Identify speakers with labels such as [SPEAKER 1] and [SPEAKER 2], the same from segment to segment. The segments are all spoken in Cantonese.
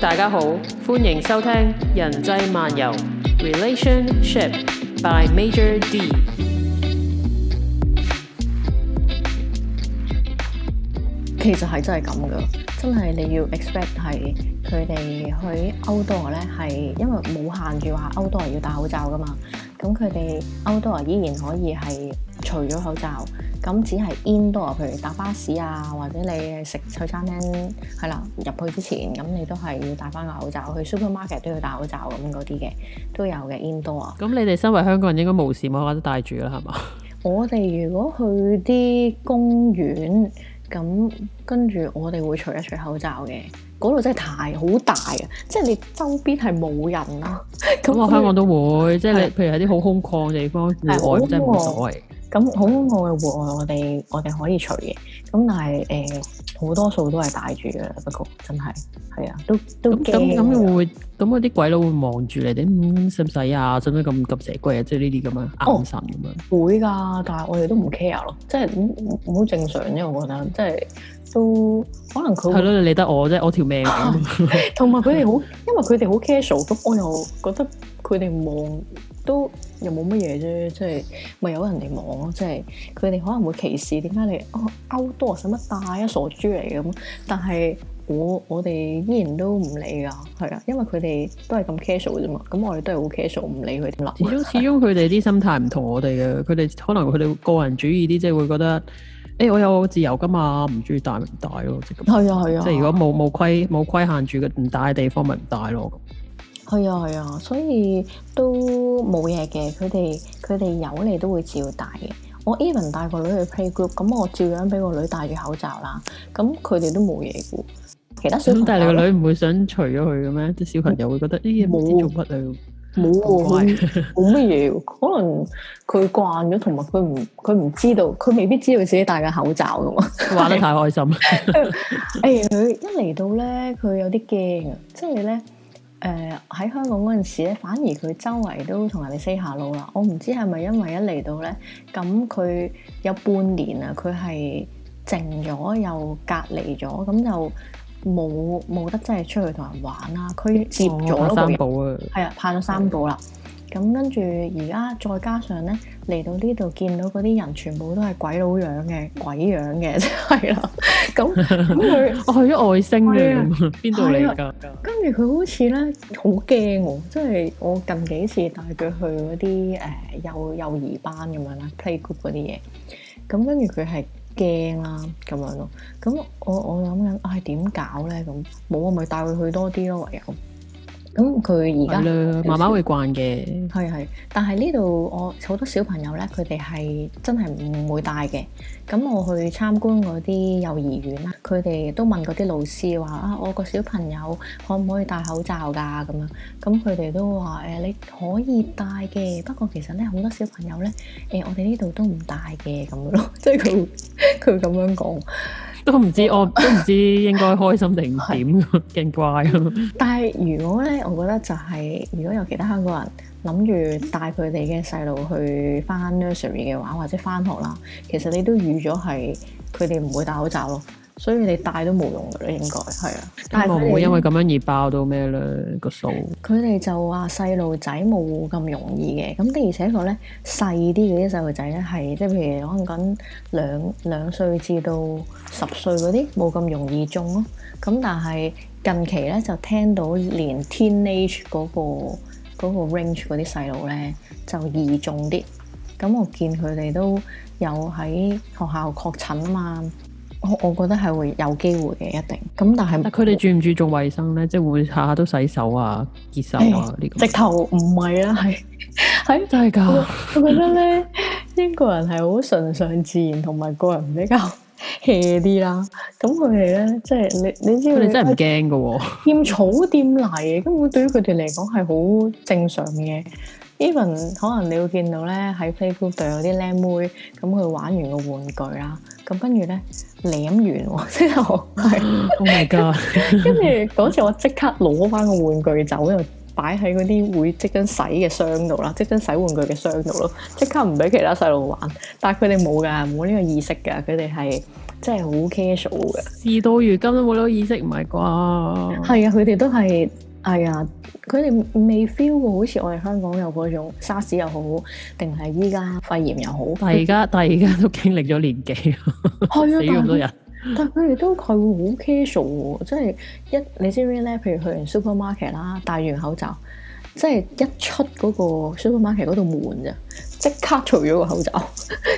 [SPEAKER 1] 大家好，歡迎收聽人際漫遊 Relationship by Major D。其實係真係咁噶，
[SPEAKER 2] 真係你要 expect 係佢哋去 outdoor 咧，係因為冇限住話 outdoor 要戴口罩噶嘛，咁佢哋 outdoor 依然可以係除咗口罩。咁只係 indoor 譬如搭巴士啊，或者你食菜餐廳係啦，入去之前咁你都係要戴翻個口罩。去 supermarket 都要戴口罩咁嗰啲嘅都有嘅 indoor
[SPEAKER 1] 咁你哋身為香港人應該無時無刻都戴住啦，係嘛？我哋
[SPEAKER 2] 如果去啲公園咁，跟住我哋會除一除口罩嘅。嗰度真係太好大啊！即係你周邊係冇人啦。咁我香港都
[SPEAKER 1] 會，即係你譬如喺啲好空曠嘅地方戶外真係冇所謂。
[SPEAKER 2] 咁好外和，我哋我哋可以除嘅，咁但係誒好多數都係戴住
[SPEAKER 1] 嘅，不過真
[SPEAKER 2] 係係、嗯、啊，都都驚咁會唔
[SPEAKER 1] 會咁啲鬼佬會望住你哋使唔使啊，使唔使咁急邪鬼啊，即係呢啲咁樣眼神咁樣，哦、
[SPEAKER 2] 會㗎，但係我哋都唔 care 咯，即係唔好正常因為，我覺得即係都可能佢係咯，你
[SPEAKER 1] 理得我即係，我條命
[SPEAKER 2] 同埋佢哋好，因為佢哋好 casual，咁我又覺得佢哋望都。又冇乜嘢啫，即係咪有人嚟望咯？即係佢哋可能會歧視，點解你哦勾多使乜戴一傻豬嚟咁？但係我我哋依然都唔理噶，係啊，因為佢哋都係咁 casual 啫嘛。咁我哋都係好 casual，唔理佢點啦。始
[SPEAKER 1] 終的始終佢哋啲心態唔同我哋嘅，佢哋可能佢哋個人主義啲，即係會覺得誒、欸、我有自由㗎嘛，唔中意戴咪唔戴咯。係啊係啊。即係如果冇冇規冇規限住嘅唔戴嘅地方咪唔戴咯。
[SPEAKER 2] 係啊係啊，所以都冇嘢嘅。佢哋佢哋有你都會照戴嘅。我 Even 帶個女去 playgroup，咁我照樣俾個女戴住口罩啦。咁佢哋都冇嘢嘅。
[SPEAKER 1] 其他小咁但係你個女唔會想除咗佢嘅咩？即係小朋友會覺得啲嘢唔知做乜啊？冇喎，冇乜嘢。可能佢慣咗，同埋佢唔佢唔
[SPEAKER 2] 知道，佢未必知道自己戴緊口罩嘅喎。玩得太開心。誒，佢一嚟到咧，佢有啲驚啊，即係咧。誒喺、呃、香港嗰陣時咧，反而佢周圍都同人哋 say 下路啦。我唔知係咪因為一嚟到咧，咁佢有半年啊，佢係靜咗又隔離咗，咁就冇冇得真係出去同人玩啦。佢接咗三部一個，係啊、哦，拍咗三部啦。咁跟住，而家再加上咧，嚟到呢度見到嗰啲人，全部都係鬼佬樣嘅、鬼樣嘅，就係啦。咁咁
[SPEAKER 1] 佢，我
[SPEAKER 2] 去咗外星嘅，邊度嚟噶？跟住佢好似咧好驚喎，即係我近幾次帶佢去嗰啲誒幼幼兒班咁樣啦，playgroup 嗰啲嘢。咁跟住佢係驚啦，咁樣咯。咁我我諗緊，我係點搞咧？咁冇啊，我咪帶佢去多啲咯，唯有。
[SPEAKER 1] 咁佢而家慢慢會慣嘅，
[SPEAKER 2] 係係、嗯。但係呢度我好多小朋友咧，佢哋係真係唔會戴嘅。咁我去參觀嗰啲幼兒園啦，佢哋都問嗰啲老師話啊，我個小朋友可唔可以戴口罩噶？咁樣。咁佢哋都話誒，你可以戴嘅。不過其實咧，好多小朋友咧，誒、啊，我哋、呃、呢度、呃、都唔戴嘅咁樣咯。即係佢佢咁樣講。
[SPEAKER 1] 我唔知， 我都唔知應該開心定點咯，勁乖咯。
[SPEAKER 2] 但係如果咧，我覺得就係、是、如果有其他香港人諗住帶佢哋嘅細路去翻 nursery 嘅話，或者翻學啦，其實你都預咗係佢哋唔會戴口罩咯。所以你戴都冇用嘅啦，應該係啊，但係我唔會因為咁
[SPEAKER 1] 樣而爆到咩咧個數。
[SPEAKER 2] 佢哋就話細路仔冇咁容易嘅，咁的而且確咧，細啲嗰啲細路仔咧，係即係譬如可能講兩兩歲至到十歲嗰啲，冇咁容易中咯。咁但係近期咧就聽到連 teenage 嗰個嗰個 range 嗰啲細路咧，就易中啲。咁我見佢哋都有喺學校確診啊嘛。我我覺得係會有機會嘅，一定。咁但
[SPEAKER 1] 係佢哋注唔注重衞生咧？即係會下下都洗手啊、潔手啊呢個？直頭唔
[SPEAKER 2] 係啦，係係就係㗎。我覺得咧，英國人係好崇尚自然，同埋個人比較 hea 啲啦。咁佢哋咧，即係你你知，佢哋真係
[SPEAKER 1] 唔驚㗎喎。
[SPEAKER 2] 掂草掂泥根本對於佢哋嚟講係好正常嘅。Even 可能你會見到咧喺 Facebook 度有啲僆妹咁佢玩完個玩具啦，咁跟住咧。攬完之後，係、就是，oh my god！跟住嗰次我即刻攞翻個玩具走，又擺喺嗰啲會即將洗嘅箱度啦，即將洗玩具嘅箱度咯，即刻唔俾其他細路玩。但係佢哋冇㗎，冇呢個意識㗎，佢哋係真係好 casual 嘅。
[SPEAKER 1] 事到如今都冇呢個意識唔係啩？係
[SPEAKER 2] 啊，佢哋都係。係啊，佢哋，哎、未 feel 過，好似我哋香港有嗰種沙士又好，定係依家肺炎又好。但係而家，
[SPEAKER 1] 但係而家都經歷咗年幾， 啊、死咁多人。
[SPEAKER 2] 但係佢哋都佢會好 casual 喎，即係一你知唔知咧？譬如去完 supermarket 啦，戴完口罩，即係一出嗰個 supermarket 嗰度門啫，
[SPEAKER 1] 即刻除咗個口罩，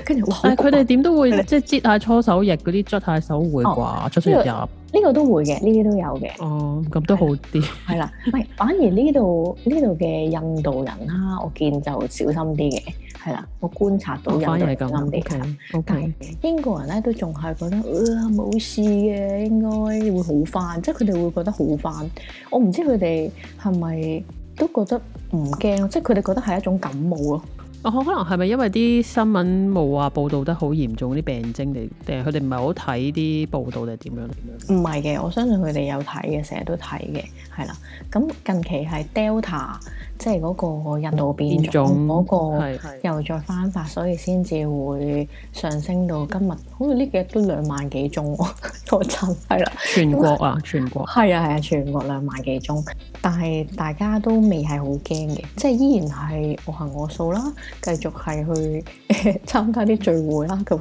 [SPEAKER 1] 跟 住。但係佢哋點都會的即係接下搓手液嗰啲捽下手會啩，捽手液。
[SPEAKER 2] 呢個都會嘅，呢啲都有嘅。哦，咁都好啲。係啦，唔係，反而呢度呢度嘅印度人啦，我見就小心啲嘅。係啦，我觀察到印度人啱啲咁。OK，英國人呢都仲係覺得，啊冇事嘅，應該會好返，即係佢哋會覺得好返。我唔知佢哋係咪都覺得唔驚，即係佢哋覺得係一種感冒囉。
[SPEAKER 1] 我、哦、可能係咪因為啲新聞冇話報道得好嚴重啲病徵嚟，定係佢哋唔係好睇啲報道定係點樣？唔
[SPEAKER 2] 係嘅，我相信佢哋有睇嘅，成日都睇嘅，係啦。咁近期係 Delta 即係嗰個印度變種嗰種個，又再翻發，所以先至會上升到今日。好似呢幾日都兩萬幾宗、啊、 我個真係啦。全國啊，全國係啊係啊，全國兩萬幾宗，但係大家都未係好驚嘅，即係依然係我行我素啦。繼續係去誒、欸、參加啲聚會啦，咁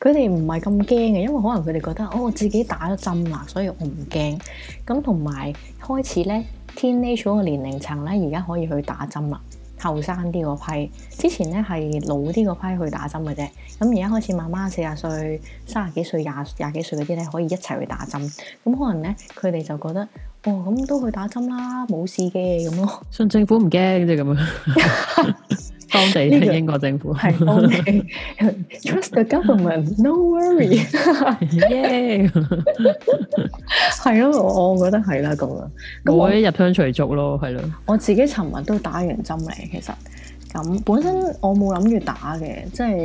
[SPEAKER 2] 佢哋唔係咁驚嘅，因為可能佢哋覺得哦，我自己打咗針啦，所以我唔驚。咁同埋開始咧，teenage 個年齡層咧，而家可以去打針啦，後生啲個批。之前咧係老啲個批去打針嘅啫。咁而家開始慢慢四啊歲、三十幾歲、廿廿幾歲嗰啲咧，可以一齊去打針。咁可能咧，佢哋就覺得哦，咁都去打針啦，
[SPEAKER 1] 冇事嘅咁咯。信政府唔驚，即係咁樣！就是 當地係英國政府
[SPEAKER 2] 係 ，trust the government，no worry，耶， 係咯，我我覺得係
[SPEAKER 1] 啦咁啊。我一入鄉隨俗咯，係咯。
[SPEAKER 2] 我自己尋日都打完針嚟，其實咁本身我冇諗住打嘅，即係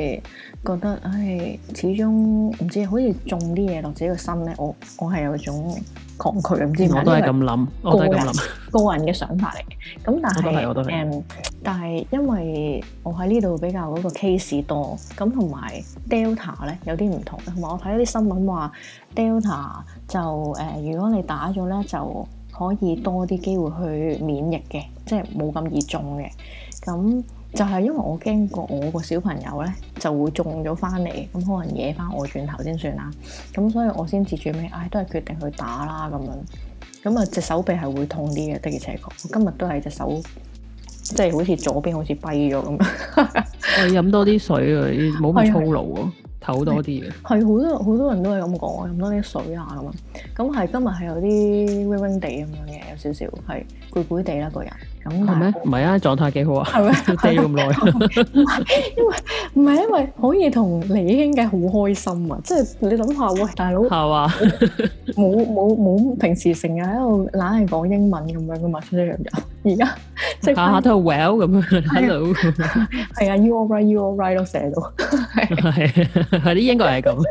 [SPEAKER 2] 覺得唉、哎，始終唔知好似種啲嘢落自己個心咧。我我係有種
[SPEAKER 1] 抗拒
[SPEAKER 2] 咁，我都係咁諗，我都係咁諗，個人嘅想法嚟嘅。咁但係誒，但係因為我喺呢度比較嗰個 case 多，咁同埋 Delta 咧有啲唔同，同埋我睇咗啲新聞話 Delta 就誒，如果你打咗咧就可以多啲機會去免疫嘅，即係冇咁易中嘅咁。就係因為我驚過我個小朋友咧就會中咗翻嚟，咁可能惹翻我轉頭先算啦。咁所以我先至最尾，唉、哎，都係決定去打啦咁樣。咁啊隻手臂係會痛啲嘅，的而且確。我今日都係隻手，即係好似左邊好似跛咗咁樣。
[SPEAKER 1] 我飲多啲水啊，唔好咁粗魯喎、啊，唞是多啲嘅。
[SPEAKER 2] 係好多好多人都係咁講，飲多啲水下咁啊。咁係今日係有啲暈暈地咁樣嘅，有少少係攰攰地啦個人。咁係咩？
[SPEAKER 1] 唔係啊，狀態幾好啊，要 stay 咁耐。
[SPEAKER 2] 因為唔係因為可以同你傾偈好開心啊，即係你諗下，喂大佬，係啊，冇冇冇平時成日喺度懶係講英文咁樣噶嘛，出呢樣嘢。而家即係下下都係
[SPEAKER 1] well 咁樣，hello，
[SPEAKER 2] 係啊，you alright you alright 都寫到，
[SPEAKER 1] 係係係啲英國人係咁，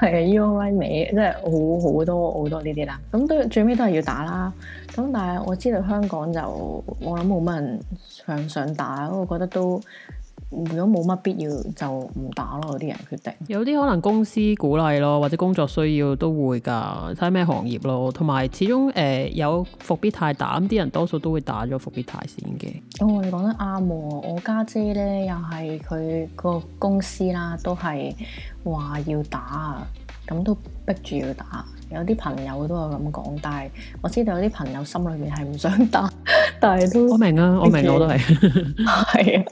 [SPEAKER 2] 係啊，you alright 尾即係好好多好多呢啲啦。咁都最尾都係要打啦。咁但係我知道香港就我諗冇乜人想想打，我覺得都如果冇乜必要就唔打咯，有啲人決定。
[SPEAKER 1] 有啲可能公司鼓勵咯，或者工作需要都會噶睇咩行業咯。同埋始終誒、呃、有復必泰打，啲人多數都會打咗復必泰先嘅，
[SPEAKER 2] 哦哦。我你講得啱喎！我家姐咧又係佢個公司啦，都係話要打啊，咁都逼住要打。有啲朋友都有咁講，但係我知道有啲朋友心裏面係唔想帶，但係都我明啊，我明，我都係係啊，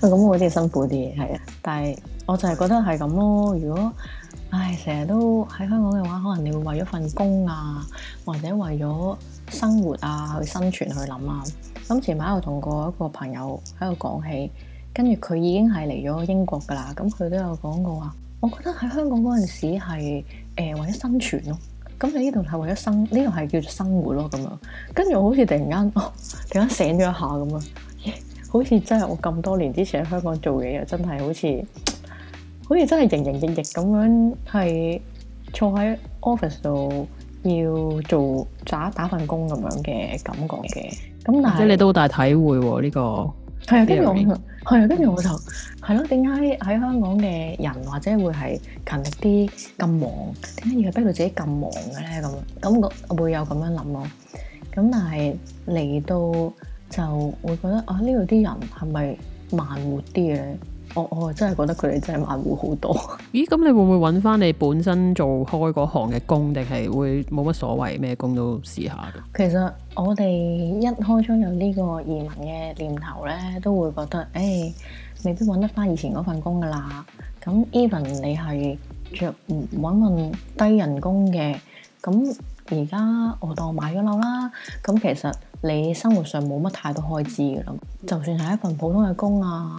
[SPEAKER 2] 咁好似辛苦啲，係啊，但係我就係覺得係咁咯。如果唉成日都喺香港嘅話，可能你會為咗份工啊，或者為咗生活啊去生存去諗啊。咁前排我同過一個朋友喺度講起，跟住佢已經係嚟咗英國噶啦，咁佢都有講過話，我覺得喺香港嗰陣時係誒、呃、為咗生存咯、啊。咁你呢度係為咗生，呢個係叫做生活咯咁啊！跟住我好似突然間，哦，突然間醒咗一下咁啊，好似真係我咁多年之前喺香港做嘢又真係好似，好似真係營營役役咁樣，係坐喺 office 度要做渣打，打份工咁樣嘅感覺嘅。
[SPEAKER 1] 咁但係即係你都好大體會呢、哦這個。
[SPEAKER 2] 係啊，跟住我，我就係啊，跟住我就係咯。點解喺香港嘅人或者會係勤力啲咁忙？點解要逼到自己咁忙嘅咧？咁咁我會有咁樣諗咯。咁但係嚟到就會覺得啊，呢度啲人係咪慢活啲咧？我我真係覺得佢哋真係買
[SPEAKER 1] 戶好多。 咦？咁你會唔會揾翻你本身做開嗰行嘅工，定係會冇乜所謂咩工都試下嘅？
[SPEAKER 2] 其實我哋一開張有呢個移民嘅念頭咧，都會覺得誒、欸，未必揾得翻以前嗰份工噶啦。咁 even 你係著揾揾低人工嘅，咁而家我當我買咗樓啦。咁其實你生活上冇乜太多開支噶啦，就算係一份普通嘅工啊。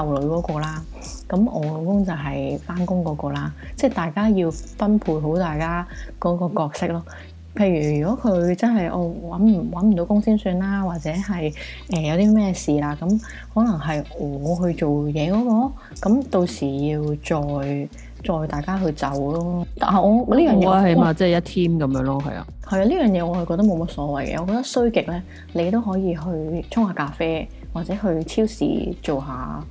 [SPEAKER 2] 嗰個啦，咁我老公就係翻工嗰個啦，即係大家要分配好大家嗰個角色咯。譬如如果佢真係我搵唔搵唔到工先算啦，或者係誒、呃、有啲咩事啦，咁可能係我去做嘢嗰、嗰個，咁到時要再再大家去走咯。但係我呢樣嘢，我起碼即係
[SPEAKER 1] 一 team 咁樣咯，係啊。
[SPEAKER 2] 係啊，呢、啊、樣嘢我係覺得冇乜所謂嘅，我覺得衰極咧，你都可以去沖下咖啡，或者去超市做下。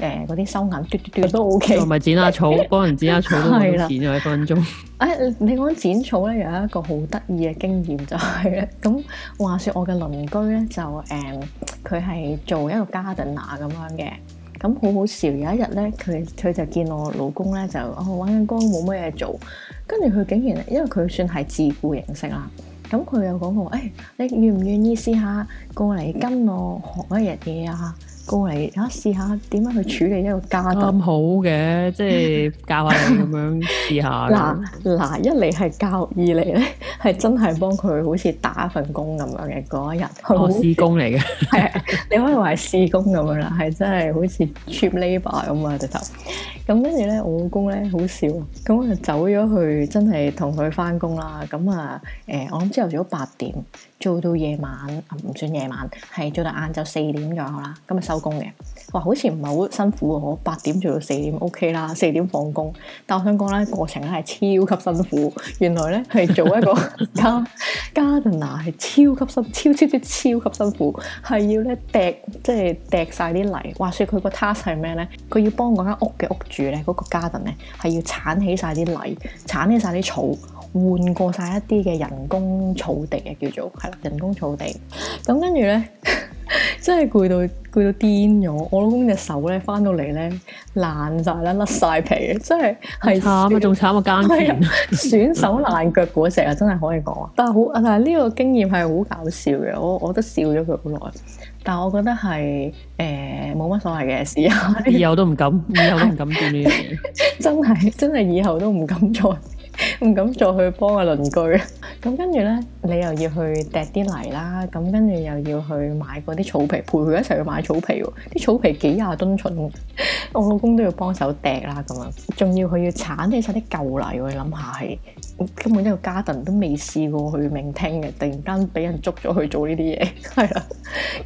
[SPEAKER 2] 誒嗰啲收銀，嘟嘟嘟都 OK。仲
[SPEAKER 1] 咪剪下草，幫人 剪下草都幾錢啊！一分鐘。
[SPEAKER 2] 誒、 哎，你講剪草咧，有一個好得意嘅經驗就係、是、咧，咁話説我嘅鄰居咧就誒，佢、嗯、係做一個 gardener 咁樣嘅，咁好好笑。有一日咧，佢佢就見我老公咧就我玩緊光，冇乜嘢做，跟住佢竟然因為佢算係自雇形式啦，咁佢又講我誒、哎，你願唔願意試下過嚟跟我學一日嘢啊？過嚟嚇試下點樣去處理一個家庭咁
[SPEAKER 1] 好嘅，即、就、係、是、教下佢咁樣試下。嗱嗱， 一
[SPEAKER 2] 嚟係教育，二嚟咧係真係幫佢好似打一份工咁樣嘅嗰一日。我試、哦、
[SPEAKER 1] 工嚟嘅，係
[SPEAKER 2] 你可以話係試工咁樣啦，係真係好似 cheap labor 咁啊，對頭。咁跟住咧，我老公咧好少，咁啊走咗去，真係同佢翻工啦。咁啊，誒、呃，我諗朝頭早八點做到夜晚，唔算夜晚，係做到晏晝四點左右啦，咁啊收工嘅。哇，好似唔係好辛苦啊！我八點做到四點，OK 啦，四點放工。但我想講咧，過程係超級辛苦。原來咧係做一個 gardener 係超級辛，超超超超級，超級，超級辛苦，係要咧掟即係掟晒啲泥。話說佢個 task 係咩咧？佢要幫嗰間屋嘅屋主咧，嗰個 gardener 咧係要鏟起晒啲泥，鏟起晒啲草，換過晒一啲嘅人工草地嘅叫做係啦，人工草地。咁跟住咧。 真係攰到攰到癲咗，我老公隻手咧翻到嚟咧爛晒啦，甩晒皮，真係係慘啊！仲是慘啊，肩斷， 損手爛，爛腳嗰隻啊，真係可以講啊！但係好，但係呢個經驗係好搞笑嘅，我我都笑咗佢好耐。但我覺得係誒冇乜所謂嘅試下。以後都唔
[SPEAKER 1] 敢， 敢，以後都唔敢做呢啲嘢。
[SPEAKER 2] 真係真係，以後都唔敢做。 唔敢再去幫阿鄰居，咁跟住呢，你又要去掟啲泥啦，咁跟住又要去買嗰啲草皮，陪佢一齊去買草皮喎，啲草皮幾廿噸重，我老公都要幫手掟啦咁樣，仲要佢要鏟起晒啲舊泥喎，諗下係根本呢個家 a 都未試過去名聽嘅，突然間俾人捉咗去做呢啲嘢，係啦，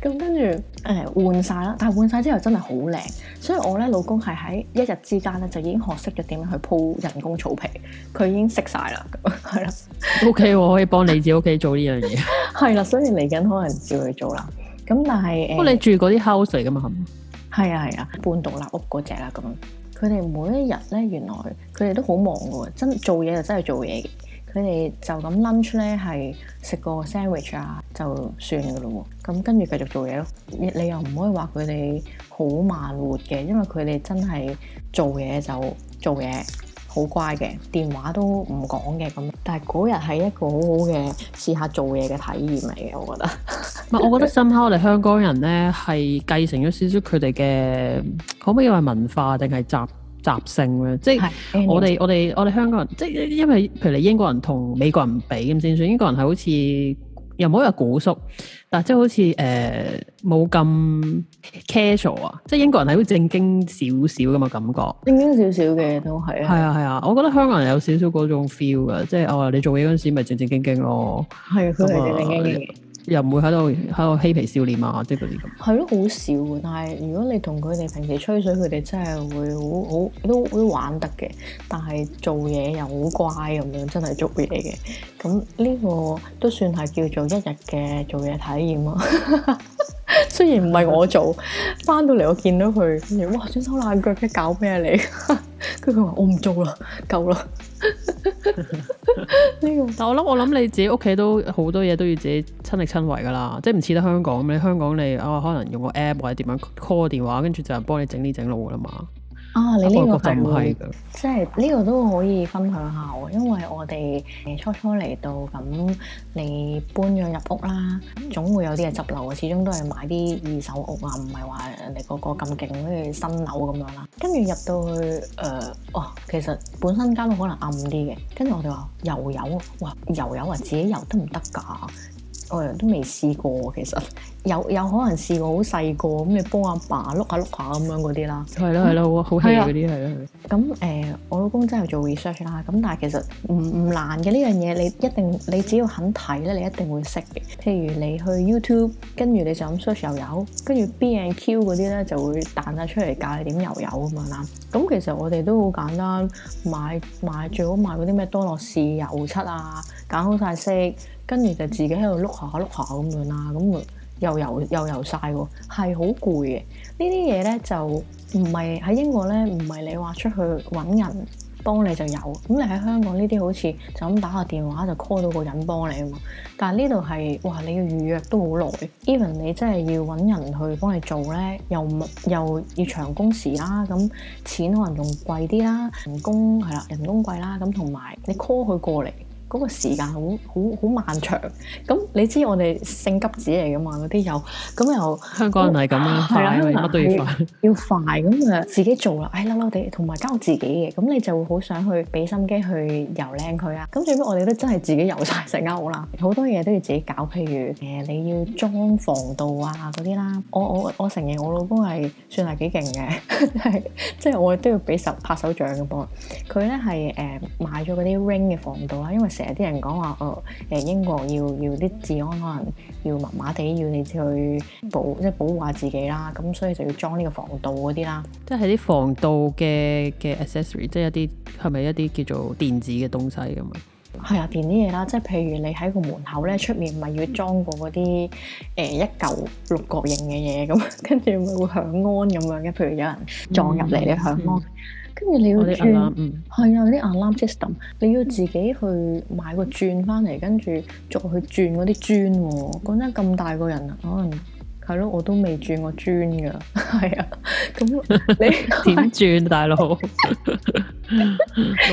[SPEAKER 2] 咁跟住誒換晒啦，但係換晒之後真係好靚，所以我呢老公係喺一日之間呢，就已經學識咗點樣去鋪人工草皮，佢已經。識
[SPEAKER 1] 晒啦，係啦。OK，我可以幫你自己屋企做呢樣嘢。
[SPEAKER 2] 係啦，所以嚟緊可能照去做啦。咁但係，不過你住嗰啲 house 嚟噶嘛？係啊係啊，半獨立屋嗰隻啦，咁樣。佢哋每一日咧，原來佢哋都好忙噶，真做嘢就真係做嘢。佢哋就咁 lunch 咧，係食個 sandwich 啊，就算噶啦。咁跟住繼續做嘢咯。你又唔可以話佢哋好慢活嘅，因為佢哋真係做嘢就做嘢。好乖嘅，電話都唔講嘅咁，但係嗰日係一個好好嘅試下做嘢嘅體驗嚟嘅，我覺得。唔係，我覺得
[SPEAKER 1] 深刻，我哋香港人咧係繼承咗少少佢哋嘅，可唔可以話文化定係習習性咧？即係我哋我哋我哋香港人，即係因為譬如你英國人同美國人比咁先算，英國人係好似。又唔好有古叔，嗱即係好似誒冇咁 casual 啊，即係英國人係好正經少少咁嘅感覺，
[SPEAKER 2] 正經少少嘅都係。係啊係
[SPEAKER 1] 啊，係啊，我覺得香港人有少少嗰種 feel 嘅，即係我、哦、你做嘢嗰陣時咪正正經經咯，係啊，佢係正正經經。又唔會喺度喺度嬉皮笑臉啊，即係嗰啲咁。
[SPEAKER 2] 係 咯，好少。但係如果你同佢哋平時吹水，佢哋真係會好好都都玩得嘅。但係做嘢又好乖咁樣，真係做嘢嘅。咁呢個都算係叫做一日嘅做嘢體驗咯。雖然唔係我做，翻到嚟我見到佢，哇！想手爛腳嘅搞咩嚟？跟住佢話：我唔做啦，夠啦。
[SPEAKER 1] 但係我諗想， 我諗你自己屋企都好多嘢都要自己親力親為噶啦，即係唔似得香港咁。你香港你啊、哦，可能用個 app 或者點樣 call 電話，跟住就係幫你整呢整路噶啦嘛。啊！你呢個
[SPEAKER 2] 係唔係？即係呢個都可以分享下喎，因為我哋初初嚟到，咁你搬咗入屋啦，總會有啲嘢執漏啊，始終都係買啲二手屋啊，唔係話人哋個個咁勁跟住新樓咁樣啦。跟住入到去誒、呃，哦，其實本身間屋可能暗啲嘅，跟住我哋話油油，哇，油油啊，自己油得唔得㗎？我人都未試過，其實有有可能試過好細個咁，你幫阿爸碌下碌下咁樣嗰啲啦。係咯係咯，好肥嗰啲係咯。咁 誒，我老公真係做 research 啦。咁但係其實唔唔難嘅呢樣嘢， Dead 你一定你只要肯睇咧，你一定會識嘅。譬如你去 YouTube，跟住你就咁 search 油油，跟住 B n Q 嗰啲咧就會彈曬出嚟教你點油油啊嘛嗱。咁其實我哋都好簡單，買買最好買嗰啲咩多樂士油漆啊，揀好晒色。跟住就自己喺度碌下碌下咁樣啦、啊，咁又遊又遊晒喎、啊，係好攰嘅。呢啲嘢呢，就唔係喺英國呢，唔係你話出去揾人幫你就有。咁你喺香港呢啲好似就咁打下電話就 call 到個人幫你啊嘛。但係呢度係哇，你嘅預約都好耐，even 你真係要揾人去幫你做呢，又又要長工時啦、啊，咁錢可能仲貴啲啦，人工係啦，人工貴啦、啊，咁同埋你 call 佢過嚟。嗰個時間好好好漫長，咁、嗯、你知我哋性急子嚟嘅嘛？嗰啲又咁又香港人係咁啊，係啦，乜都要快要，要快咁啊，自己做啦，哎嬲嬲哋同埋交自己嘅，咁你就會好想去俾心機去油靚佢啊！咁最尾我哋都真係自己油晒成間屋啦，好多嘢都要自己搞，譬如誒、呃、你要裝防盜啊嗰啲啦，我我我承認我老公係算係幾勁嘅，係即係我都要俾手拍手掌嘅幫佢咧，係誒買咗嗰啲 ring 嘅防盜啦，因為誒啲人講話，誒、哦、誒英國要要啲治安可能要麻麻地，要你去保即係保護下自己啦。咁所以就要裝呢個防盜嗰啲啦。
[SPEAKER 1] 即係啲防盜嘅嘅 accessory，即係一啲係咪一啲叫做電子嘅東西咁啊？
[SPEAKER 2] 係、嗯、啊，電啲嘢啦。即係譬如你喺個門口咧，出面咪要裝過嗰啲誒一
[SPEAKER 1] 嚿六角形嘅嘢咁，
[SPEAKER 2] 跟住咪會響安咁樣嘅。譬如有人撞入嚟，你響安。跟住你要轉，係啊啲 alarm system，你要自己去買個轉翻嚟，跟住再去轉嗰啲磚。講真咁大個人，啊，可能係咯，我都未轉過磚㗎。係啊，咁 你
[SPEAKER 1] 點轉 大佬？
[SPEAKER 2] 嗰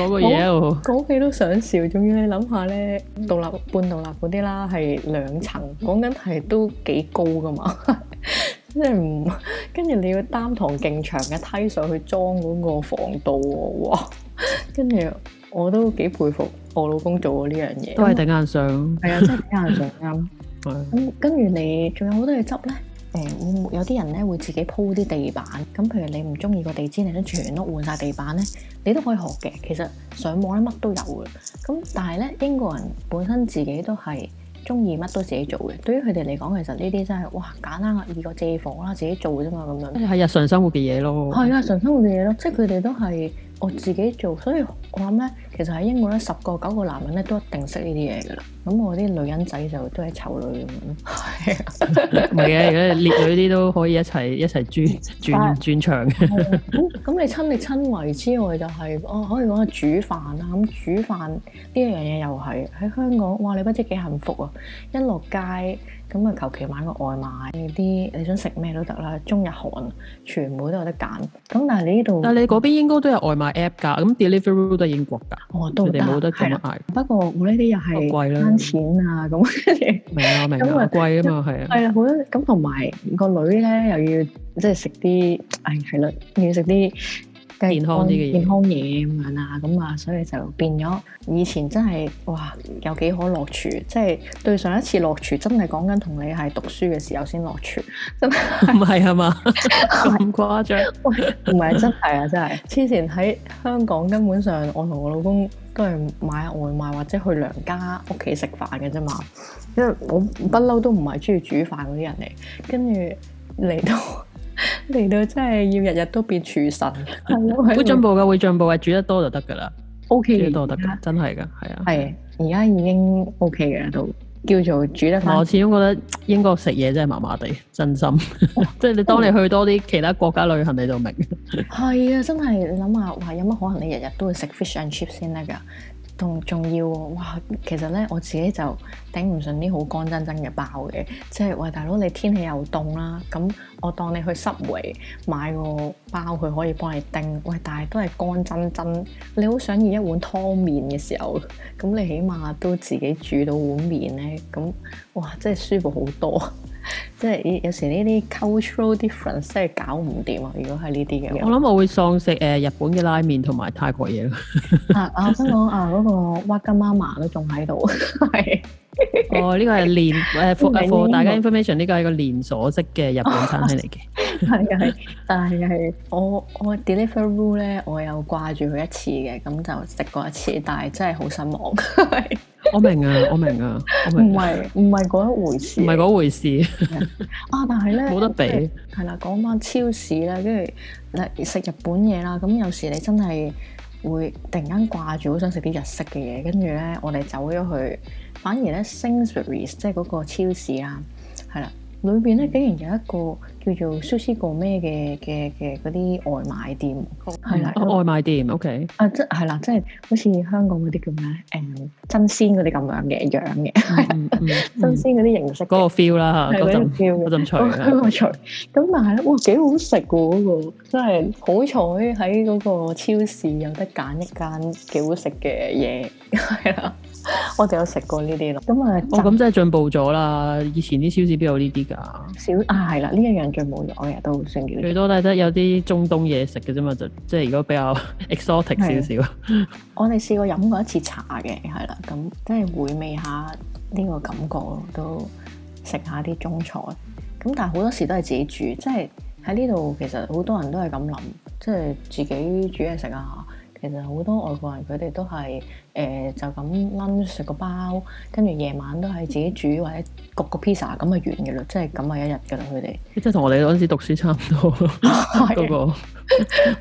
[SPEAKER 2] 個嘢喎，講起都想笑。總之你諗下咧，獨立半獨立嗰啲啦，係兩層，講緊係都幾高噶嘛。 真係唔，跟住你要擔堂勁長嘅梯上去裝嗰個防盜啊！哇，跟住我都幾佩服我老公做呢樣嘢，都係頂硬上。
[SPEAKER 1] 係啊、嗯，真係、
[SPEAKER 2] 嗯就是、頂硬上啱。
[SPEAKER 1] 咁
[SPEAKER 2] 跟住你仲有好多嘢執咧，誒、呃，有啲人咧會自己鋪啲地板。咁譬如你唔中意個地氈，你都全屋換晒地板咧，你都可以學嘅。其實上網咧乜都有嘅。咁但係咧，英國人本身自己都係。中意乜都自己做嘅，對於佢哋嚟講，其實呢啲真係哇簡單啊，二個借房啦，自己做啫
[SPEAKER 1] 嘛咁樣，即係日常生活嘅嘢咯。係啊，日常
[SPEAKER 2] 生活嘅嘢咯，即係佢哋都係我自己做，所以我諗咧，其實喺英國咧，十個九個男人咧都一定識呢啲嘢噶啦，咁我啲女人仔就都係醜女人。
[SPEAKER 1] 係唔係嘅，如果列女啲都可以一齊一齊轉轉轉，轉場嘅、
[SPEAKER 2] 啊。咁、 嗯、你親力親為之外、就係，就係哦，可以講下煮飯啦。咁、嗯、煮飯呢一樣嘢又係喺香港，哇！你不知幾幸福啊，一落街。咁啊，求其買個外賣，啲你想食咩都得啦，中日韓全部都有得揀。咁
[SPEAKER 1] 但係你呢度，但係你嗰邊應該都有外賣 app 㗎，咁 delivery 都係英國㗎，我哋冇得咁樣嗌。不過我呢啲又係貴啦，慳錢啊，咁明啊明啊，貴啊嘛，係啊。係
[SPEAKER 2] 啊，好啦，咁同埋個女咧又要即係食啲，唉係啦，要食啲。健康啲嘅健康嘢咁樣啊，咁啊，所以就變咗以前真係哇，有幾可落廚。即係對上一次落廚，真係講緊同你係讀書嘅時候先落廚，真係唔係啊嘛？咁誇張？喂，唔係真係啊，真係。之前喺香港，根本上我同我老公都係買外賣或者去娘家屋企食飯嘅啫嘛。因為我不嬲都唔係中意煮飯嗰啲人嚟，跟住嚟到。嚟到真係要日日都變廚神，係咯， 會進步
[SPEAKER 1] 嘅，會進步嘅，煮得多就得噶啦，OK，煮得多就得噶，在真係噶，係啊，係。而家已經 OK 嘅都叫做煮得。我始終覺得英國食嘢真係麻麻地，真心。 哦、 即係你當你去多啲其他國家旅行，你就明。
[SPEAKER 2] 係啊，真係你諗下，哇，有乜可能你日日都會食 fish and chips 先得噶？仲重要喎，哇！其實呢，我自己就頂唔順啲好乾真真嘅包嘅，即係喂大佬你天氣又凍啦，咁我當你去 Subway 買個包佢可以幫你叮，喂，但係都係乾真真，你好想要一碗湯麵嘅時候，咁你起碼都自己煮到碗麵呢。咁哇，真係舒服好多。即係有有時呢啲 cultural difference 真係搞唔掂啊！如果係呢啲嘅，我
[SPEAKER 1] 諗我會喪食誒、呃、日本嘅拉麵同埋泰國嘢咯
[SPEAKER 2] 啊。啊，我想講啊，嗰、 哦這個 Wagamama 都仲喺度，
[SPEAKER 1] 係個呢個係連誒 for for 大家 's information 呢個係個連鎖式嘅日本餐廳嚟嘅。
[SPEAKER 2] 係，但係，但係，我我 Deliveroo 咧，我有掛住佢一次嘅，咁就食過一次，但係真係好失望我。
[SPEAKER 1] 我明啊，我明啊，我明，唔係唔係嗰一回事，唔係嗰回事
[SPEAKER 2] 啊！但係咧冇得比。係啦，講翻超市咧，跟住食日本嘢啦，咁有時你真係會突然間掛住好想食啲日式嘅嘢，跟住咧我哋走咗去，反而咧 Sainsbury's 即係嗰個超市啦，係啦。裏邊咧竟然有一個叫做 Sushi 個咩嘅嘅嘅嗰啲外賣店，係啦、嗯，的外
[SPEAKER 1] 賣店，OK，啊，
[SPEAKER 2] 即係啦，即係好似香港嗰啲叫咩誒真鮮嗰啲咁樣嘅樣嘅，
[SPEAKER 1] 真鮮嗰啲、嗯、 形式，嗰個 feel 啦，嗰陣 feel，嗰陣脆，嗰
[SPEAKER 2] 陣咁 但係咧，哇，幾好食㗎嗰個，真係好彩喺嗰個超市有得揀一間幾好食嘅嘢，係啦。我哋有食過呢啲咯，咁啊，哦，咁
[SPEAKER 1] 真係進步咗啦！以前啲超市邊有呢啲噶？
[SPEAKER 2] 少啊，係啦，呢一樣進步咗嘅
[SPEAKER 1] 都算叫。最多都係得有啲中東嘢食嘅啫嘛，就即係如果比較 exotic 少少。
[SPEAKER 2] 的 我哋試過飲過一次茶嘅，係啦，咁即係回味下呢個感覺咯，都食下啲中菜。咁但係好多時都係自己煮，即係喺呢度其實好多人都係咁諗，即係自己煮嘢食啊。其實好多外國人佢哋都係誒、呃、就咁 lunch 食個包，跟住夜晚都係自己煮或者焗個 pizza 咁就完嘅啦，即係咁啊一日嘅啦，佢哋
[SPEAKER 1] 即係同我哋嗰陣時讀書差唔多，嗰、啊 那個嗰個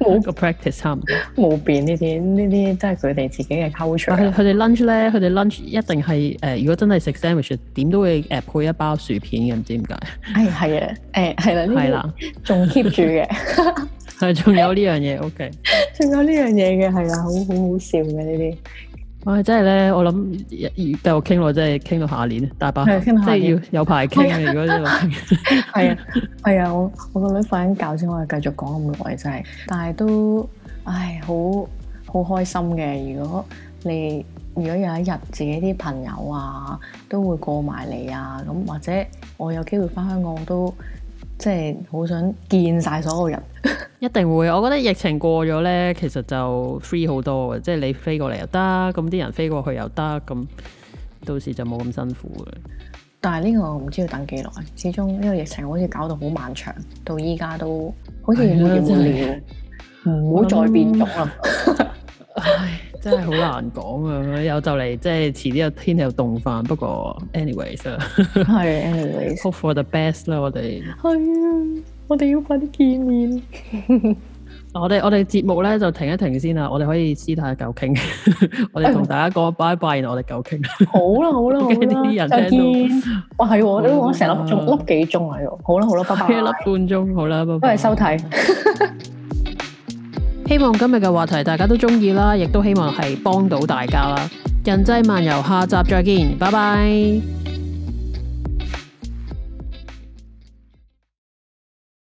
[SPEAKER 1] 冇 個 practice 差唔多，冇變呢啲呢啲，即係佢哋自己嘅 culture。佢哋 lunch 咧，佢哋 lunch 一定係誒、呃，如果真係食 sandwich，點都會誒配一包薯片嘅，唔知點解？係
[SPEAKER 2] 係啊，誒係啦，呢
[SPEAKER 1] 啲仲 keep 住嘅。 係，仲 有呢樣嘢，OK。仲有呢樣嘢嘅，係啊，好好好笑嘅呢啲。啊，真係咧，我諗，而而繼續傾落，真係傾到下年，大把，下即係要有排傾 如果係啊，
[SPEAKER 2] 係啊， 我我個女瞓緊覺先，我繼續講咁耐，真係。但係都，唉，好好開心嘅。如果你如果有一日自己啲朋友啊，都會過埋嚟，啊，咁或者我有機會翻香港我都。即係好想見晒所有人，
[SPEAKER 1] 一定會。我覺得疫情過咗呢，其實就 free 好多嘅，即係你飛過嚟又得，咁啲人飛過去又得，咁到時就冇咁辛苦嘅。
[SPEAKER 2] 但係呢個我唔知要等幾耐，始終呢個疫情好似搞到好漫長，到依家都好似冇完冇了，
[SPEAKER 1] 唔好、啊嗯、再變種啦。嗯
[SPEAKER 2] 唉
[SPEAKER 1] 真係好難講啊！ 有就嚟，即係遲啲個天氣又凍返。不過 anyways 啦，係 anyways，hope for the best 啦，我哋係啊，我哋
[SPEAKER 2] 要快啲見面。
[SPEAKER 1] 我哋我哋節目咧就停一停先啦，我哋可以私底下夠傾。哎、呦 我哋同大家講拜拜，然後我哋夠傾。好啦好啦，啲人聽到，
[SPEAKER 2] 哇，係喎，你講成粒鐘，粒幾鐘啊？好啦 好啦，拜拜。粒
[SPEAKER 1] 半鐘，好啦，不如收睇。 希望今日嘅話題大家都中意啦，亦都希望係幫到大家啦。人際漫遊，下集再見，拜拜。